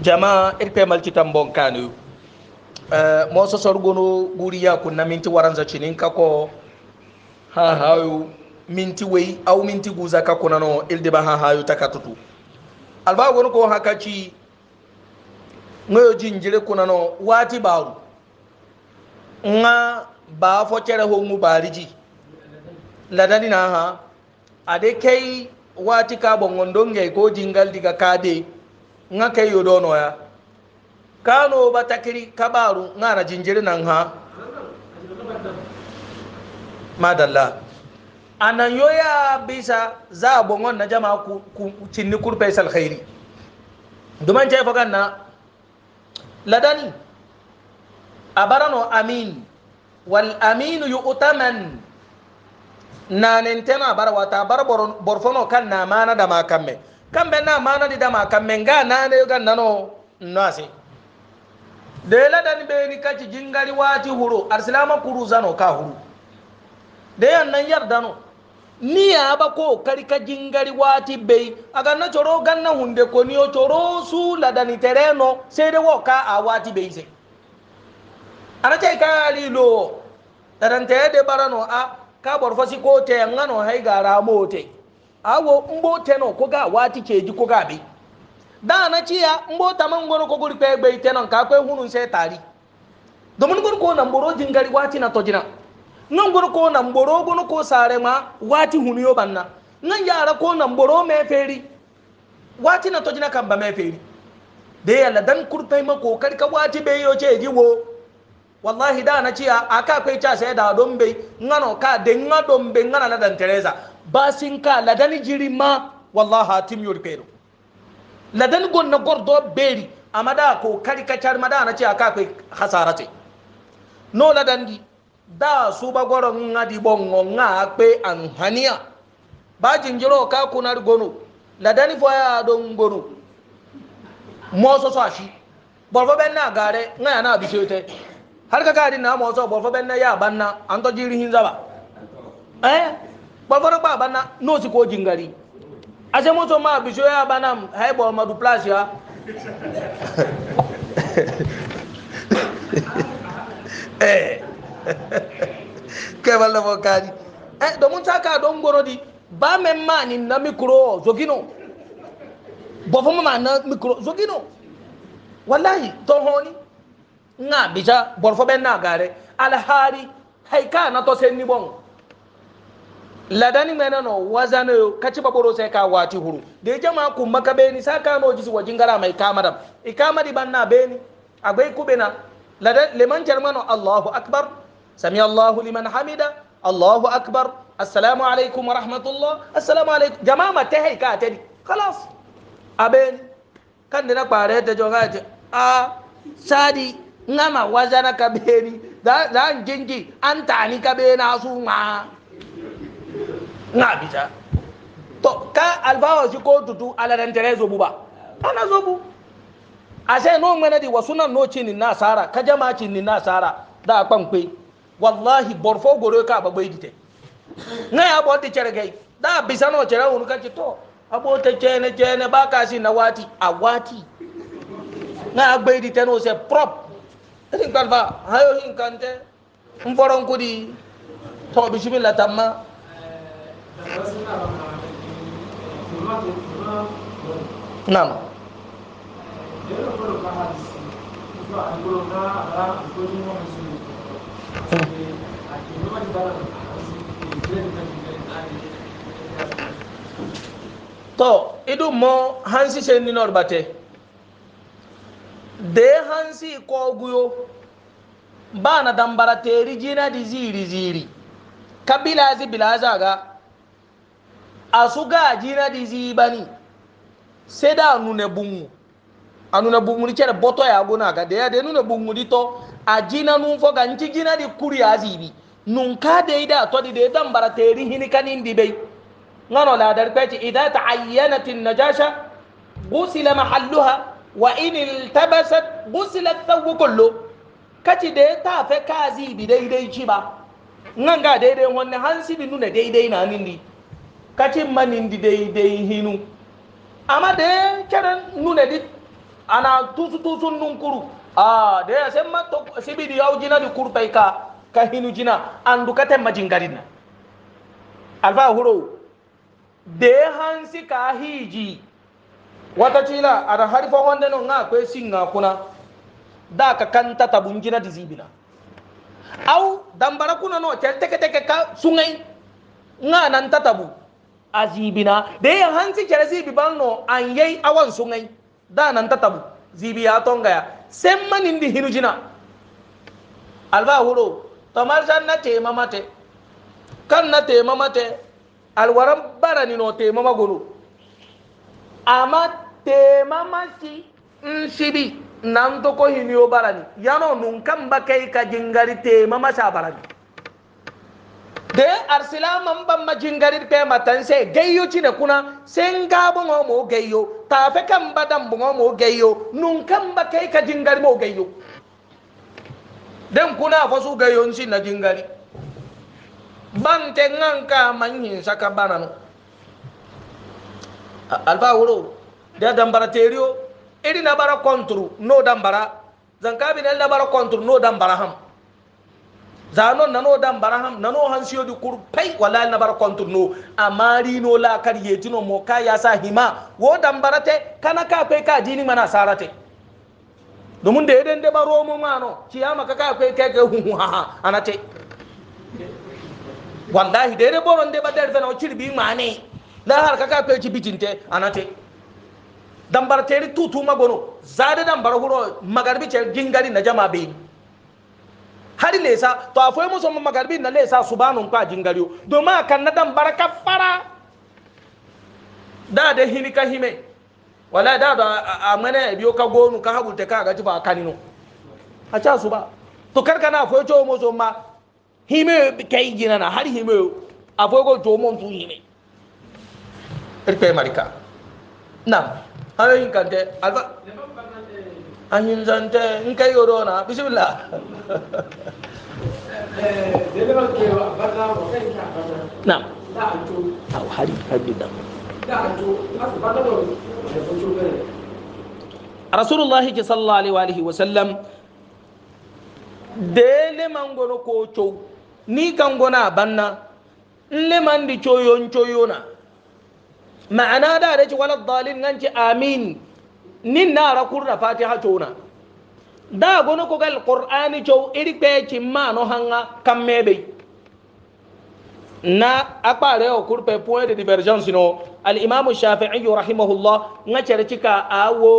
jama irpe malci tambon kanu uh, eh, moso sorgono guriya kunna minti waranza cinin kako ha ha hayu minti wei au minti guza kako nano ilde ba ha ha hayu takatutu alba gono ko hakaci ngoyo jinjire kunano wati baru nga ba fo cere ho mu bariji ladani na ha ade kai wati ka bongon ko jingal diga kade nga kai yodo no ya kano ba takiri kabaru nga na jinjiri nan ha madalla anan yoya bisa za a bongon na jama ku cinni kurfe salkhairi duman ce fagan na ladani a barano amin wal aminu yu utaman na nintena barwata bar borfono kan na mana da makamme kan bɛ naa di dama ka mɛ na naana yoga nano nnaasi deela dani beeni kaci jingari waati huru arsilama kuru zano ka huru deyan nan yardano ni yaaba ko kari ka jingari waati bei aganna choro ganna hunde koniyo choro su la ladani tereno seede wo ka a waati bei se anacai kayaali lowo dadanteye de barano a ka bor fosi ko teyan ŋano hay garamo te awo mbo teno koga wati keji koga be da na ci ya mbo taman goro ko guri pe gbe teno ka kwe hunun sai tari domin goro ko na mboro jingari wati na tojina nan goro ko na mboro gono ko sare ma wati hunu yo banna nan yara ko na mboro me wati na tojina kan ba me feri da yalla dan kurtai ma kokari ka wati be yo ce ji wo wallahi da na ciya a ka kai ca sai da dombe ngano ka de nga dombe ngana na dan teresa basinka ladan jirima wallahi hatim yurkero ladan gonna gordo beri amada ko kari kacar mada na ce aka kai hasara ce no ladan di da su ba goron ngadi bongo nga pe anhania ba jinjiro ka kunar gono ladan fo ya don gono mo so so ashi borfo ben na gare nga na bi shete har ka gadi na mo so borfo ben na ya banna anto to jiri hin zaba eh gbafara gba abana n'osi ka o ji ngari ase moto ma biso ya abana m ha igba ọma duplas ya kẹfà lọfọ káàdì ẹ domin ta ka don gboro di baa mẹ ma ni na mikro zogino bọfọ ma na mikro zogino wallahi tọhọni nga bisa bọrọfọ bẹ na gare alhari haika na tọ se ni bọnu ladani mena no wazano yo kaci baboro sai ka wati huru da jama ku maka beni saka no jisu wajin gara mai kamadam ikamadi banna beni abai kubena ladan liman jarmano Allahu akbar sami Allahu liman hamida Allahu akbar assalamu alaikum wa rahmatullah assalamu alaikum jama ma ta haika ta di khalas abeni kan da na kware ta jonga ta a sadi ngama wazana ka beni da da jingi an tani ka bena su ma na bisa to ka albawa shi ko tutu aladan tare zobu ba ana zobu a sai no ngana di wasu nan no cinin nasara ka jama cinin nasara da kwankwe walahi borfo gore ka ba bai dite na ya bo ti cergai da bisa no cera wonu kan ci to abo ta cene cene ba ka si na wati a wati na agbai dite no se prop tin kan ba hayo hin kan te mboron kudi to bismillah tamma Naam. to idu mo hansi se ni nor bate de hansi ko guyo bana dambara teri jina di ziri ziri kabila zi bilaza ga asuga jina dizi bani seda anune bungu anune bungu ni chere boto ya gona ga de ya de nune bungu dito ajina nunfo ga nchi jina di kuri azibi nunka de ida to di de dambara teri hini kanin di bei ngano la dar kweci idha ta'ayyanat an-najasha gusila mahalluha wa in iltabasat gusila thawbu kullu kaci de ta fe kazi bi daidai ci ba nganga daidai wannan hansi bi nuna daidai na nindi kati manindi dei dei hinu ama de kere nune di ana tusu tusu kuru, a de ya semma to sibidi yaw jina di kurtai ka ka hinu jina andu kate majingarina alfa huro de hansi ka hiji wata cila ada harfa wanda no nga kwe singa kuna da ka kanta tabun jina di zibina au dambara kuna no tel teke teke ka sungai nga nan tatabu azibina da yin hanci kere zibi banno an yai awan sungai, ai da nan ta tabu zibi ya tongaya sen manin di hinujina alba huro tamar jan na te mamate kan na te mama te, alwaran barani no te mama golo amma te mama si in sibi nan to ko hiniyo barani yano nun kan ba kai ka jingari te mama sa barani de arsila mamba majingarir pe matanse gayyo cine kuna sen gabo mo gayyo ta fe kan badam ngo mo gayyo nun kan ba kai ka jingari mo gayyo den kuna fa su gayyo sin na jingari ban te manyin saka banano alba wuro da dambara teriyo, iri na bara kontru no dambara zankabi na bara kontru no dambara ham zano nano dan baraham nano hansiyo di kurpai wala na bar konturno amari no la kar yetino mo ka ya sa hima wo dan barate kana ka kai ka jini mana sarate domin da yadda da baro mu mano kiyama ka ka kai kai hu ha ha anate wallahi da yadda boron da badar zana kirbi mane la har ka ka kai ki bitinte anate dan barate tutu magono zade dan bar huro magarbi cer gingari na jama be hari lesa to afoye muso mu magarbi na lesa subhanu kwa jingariyo domin akan na dan baraka fara da da hini hime wala da da a mana biyo ka gonu ka hagulta ka gaji ba kanino a ca su ba to karka na afoye cewa muso ma hime kai gina na har hime afoye go to mun tu hime irpe marika na hayoyin kante alfa ahinzante nke yoro na bisimila. na awo hali hali da. rasulullahi ke sallallahu alaihi wa sallam dele man gono ko cow ni kan gona banna nle man di coyon coyona ma'ana da da ci wala dalil nan ci amin nin nara kurna fatiha cuna da gono kogal qur'ani cow iri kpe cimmano hanga kammeɓey na a kpare o kurpe point de divergence no alimamu shafiiyu rahimahullah nga cere cika a wo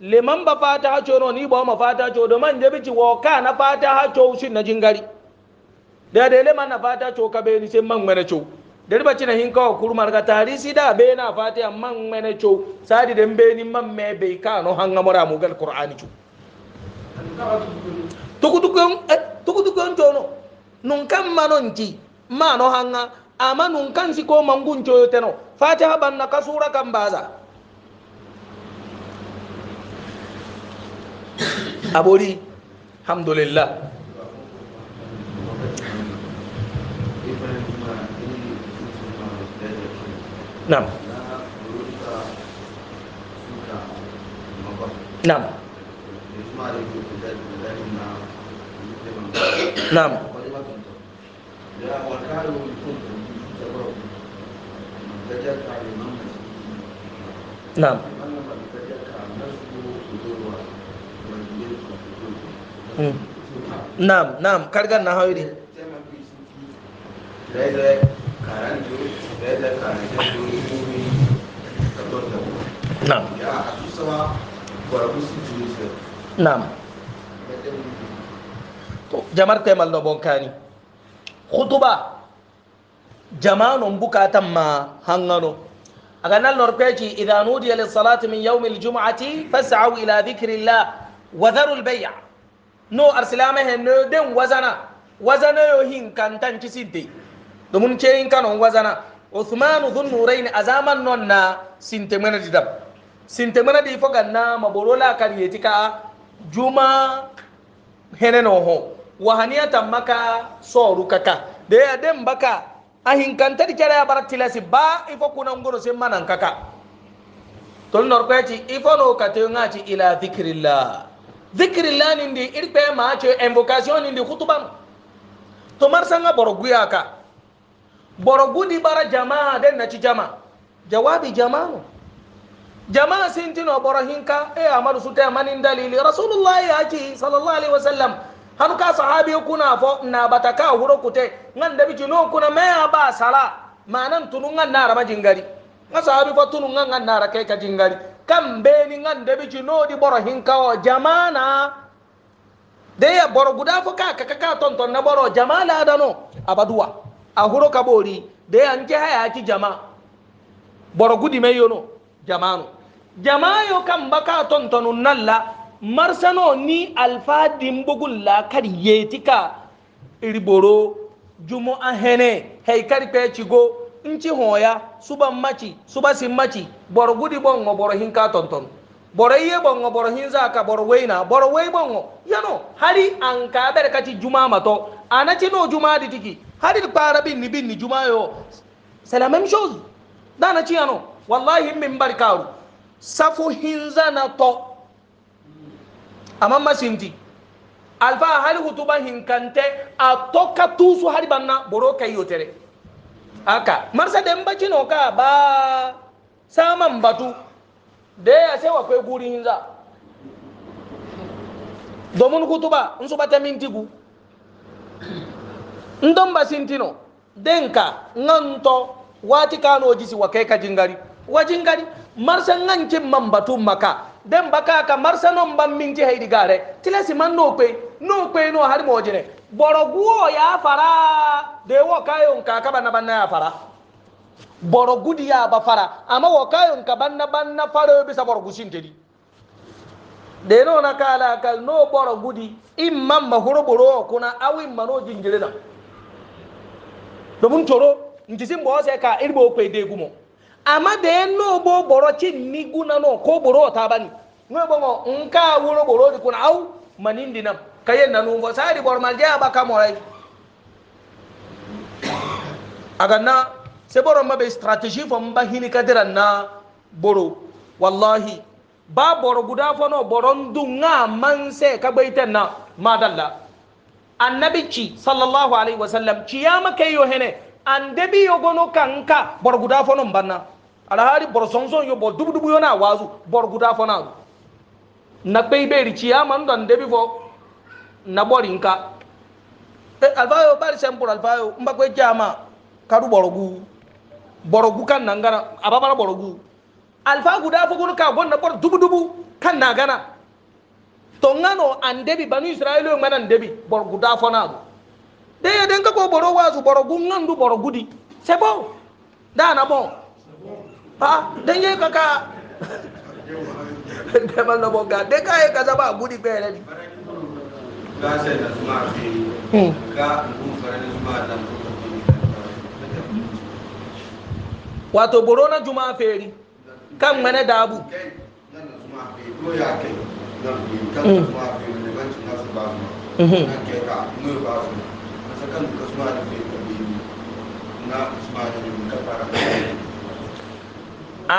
leman ba fatiha cono ni ɓoma fatiha co do man jeɓi ci wo kana fatiha cow sinna jingari dede leman na fatiha co kaɓeni sen man ŋene cow dari bacci na hinka wa kurmar ga tari si da be na fati man mene cho sadi den be ni man me be ka no hanga mura mu gal qur'ani cho tuku tukun tuku eh, tukun to no nun kan manon ji ma no hanga amma nun kan si ko mangun cho yote no fati haban na kasura kan baza abori alhamdulillah نعم نعم نعم نعم نعم نعم كارغان نهايري نعم نعم جمار تمال نو بون كاني خطبه جمان بوكا تما هانغانو اغانا لوربيجي اذا نودي للصلاه من يوم الجمعه فاسعوا الى ذكر الله وذروا البيع نو ارسلام هنو دين وزنا وزنا يوهين كان تنجسيدي دومون تشين كانو وزنا uthmanu dhunnurain azaman non na sintemana di dam sintemana di foga na maborola kan yeti ka juma hene no ho wahaniya tamaka soru kaka de ya dem baka ahin kanta di kera ya si ba ifo kuna ngoro se manan kaka tol nor ko ci ifo no kate ngati ila dhikrillah dhikrillah nindi irpe ma ce invocation nindi khutban to mar sanga boroguya ka borogudi bara jama'a den na ci jama jawabi jama'u jama'a sin tino borohinka e amadu suta manin dalili rasulullahi haji sallallahu alaihi wasallam hanu ka sahabi kuna fo na bataka huro kute ngan da biji no kuna maya ba sara manan tunun ngan na raba jingari nga sahabi fo tunun ngan ngan na ra ka jingari kan beni ngan da biji no di borohinka o jama'na de ya boro guda fo ka ka ka ton ton na boro jama'a ladano abaduwa a huro kabori da yanke hayaki jama boro gudi mai yono jamanu jamayo kan baka tontonu nalla marsano ni alfadin bugun lakar yetika iriboro jumo an hene haikar pecigo nci hoya suban maci subasin maci boro gudi bongo boro hinka tontonu boro iye bongo boro hinza ka boro weina boro wei bongo yano hari an ka bere juma mato anaci no juma di tiki hari kpara binni binni jumayo c'est la même chose dana ciyano wallahi min bari karu safu na to amma masinti alfa hali hutuba hinkante a toka tusu hari banna boro kai yotere aka marsa da mbaci no ka ba saman batu De ya sai wa kai guri hinza domin hutuba in mintigu ndon basintino denka nganto wati kano jisi wa kai ka jingari wa jingari marsa nganke mambatu maka den baka ka marsa non ban minji haidi gare tilasi man no pe no pe no har mo jine boroguo ya fara de wo kayon ka ka banna banna ya fara borogudi ya ba fara amma wo kayon ka banna banna fara bisa borogushin tedi de no na kala kal no borogudi imman mahuruburo kuna awin mano jingirina domin coro nci sin bo se ka irbo kwe de gumo amma da yan no bo boro cin ni guna no ko boro ta bani no bo mo nka wuro boro di kuna au manin dinam kayen nanu bo sari bor malje aba kamorai aga na se boro mabe strategy fo mba hini kadiran na boro wallahi ba boro guda fo no boro ndu nga man se ka baitan na madalla annabi ci sallallahu alaihi wasallam ciyama ke yo hene andebi yo gono kanka bor guda fonon banna alahari bor sonson yo bor dubu dubu yo na wazu bor guda fona na pei beri ciyama ndo andebi fo na bori nka e alfayo bari sempur alfayo mbakwe jama kadu borogu borogu kan nangana ababara borogu alfa guda fo gono ka bor dubu dubu kan nagana to ngano an debi banu israilo ngana debi bor guda fona do de den ka boro wazu boro gungan du boro gudi c'est bon da na bon ha den ye kaka de mal no boga de ka e kaza ba gudi pere ni ga se na suma fi ga ngum fara ni suma da wato boro na juma feri kan mene dabu a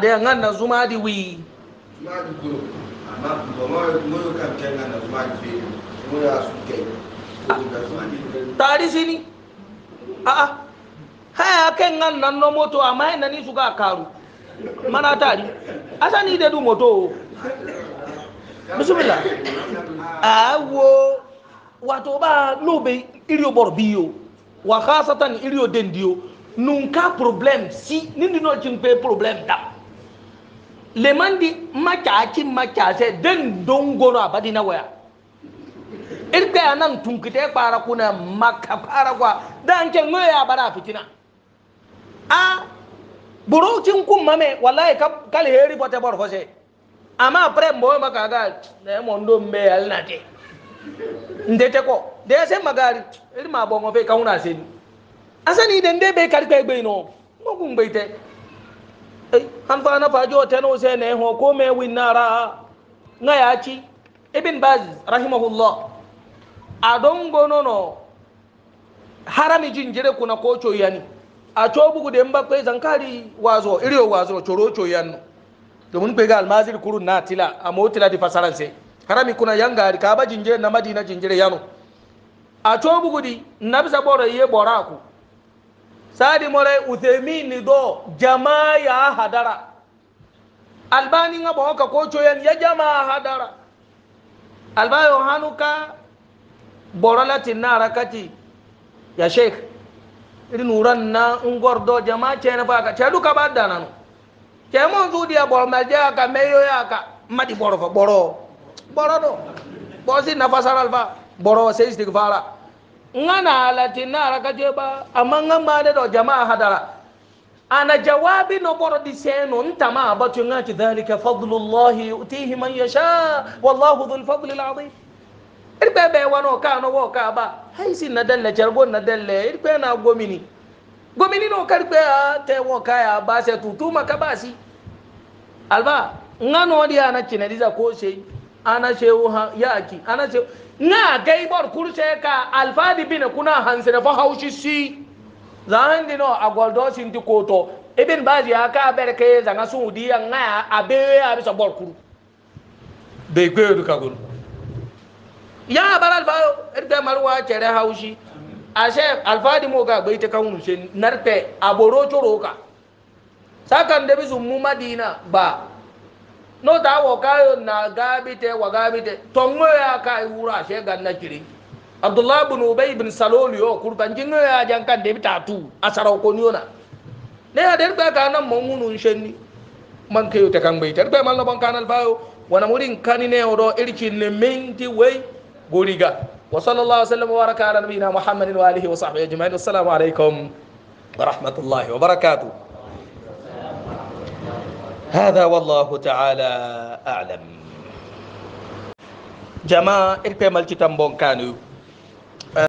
da yan nan na zuma di wi zuma di kuro amma ba ma mu kan kan na zuma di wi mu da su kai tari sini a ah, a ah. haya kan nan nan no moto amma ina ni su ga karu mana tadi? tari ni da du moto bisimila awo wato ba n'o bɛ iri bɔrɔ bi yo wa ka sata ni iri den di yo nun ka problem si ni ni n'o jin pe problem da leman di ma caaci ma caase den don gono a badi na waya iri pe anan tunkite kpara kuna maka kpara kwa dan ke ŋo ya bara fitina a boro cin kun mame wallahi kal heri bɔtɛ bɔrɔ fɔ ama après mgbe oyo makaga nemo ndo mme alinate ndeteko dese magari iri mabongo fe na aseni asani ide nde be kari kegbe ino ngogu ngbeite han fa na fajo teno se ne ho ko me winara ngaya chi ibn baz rahimahullah adongo nono harami njere kuna ko choyani a cobugu de mbakwe zankari wazo iriyo wazo choro choyanno domin kwe almazir kuru na tila a motila di fasaranse harami kuna yanga di kaba jinjire na madina jinjire yano a cobu gudi na bisa bora iye bora ku sadi more uthemini do jamaa ya hadara albani nga boka ko coyan ya jamaa hadara albayo hanuka borala latin na rakati ya sheikh irin wuran na ungor do jamaa cene baka cedu ka badda nanu cɛman su diya bɔrɔmajɛ y'a kan mɛyo y'a kan madi bɔrɔ fɔ bɔrɔ bɔrɔ dɔ bɔsi nafa sara fa bɔrɔ se istigifara nga na alati na arakajɛ ba a ma nga ma de dɔ jama hadara ana jawabi no bɔrɔ di sɛnu n tama a batu nga ti dhalika fadlullahi utihi man yasha wallahu dhul fadli alazim irikpɛ bɛɛ wa n'o kaa n'o wa o kaa ba hayi si na dɛlɛ cɛrigo na dɛlɛ irikpɛ na gomini gominino karpe a te won kaya ba se tutuma ka basi alba ngano di ana kinadiza ko se ana shewu ha ya aki ana shewu na gai bor kurse ka alfadi na kuna hansene fa haushi si zahan dino a goldo sin ti koto ibn bazi aka berke zanga sudi ya nga abewe abisa bor kuru de gwe du kagun ya baral ba irda marwa kere haushi ashe alfadi mo ga bai ta kan narte narpe aboro choro ka sakan da bisu mu madina ba no ta wo kayo na te wa gabite tongo ya ka wura she ganna kiri abdullah ibn ubay ibn salul yo kurban jingo ya jankan da tatu asarau ko niona ne ya der ba kana mon hunun shenni man kayo ta kan bai ter ba man ban kanal bayo wana murin kanine odo irkin ne menti wai goriga وصلى الله وسلم وبارك على نبينا محمد واله وصحبه اجمعين والسلام عليكم ورحمه الله وبركاته هذا والله تعالى اعلم جماعه اركمل تتمبون كانوا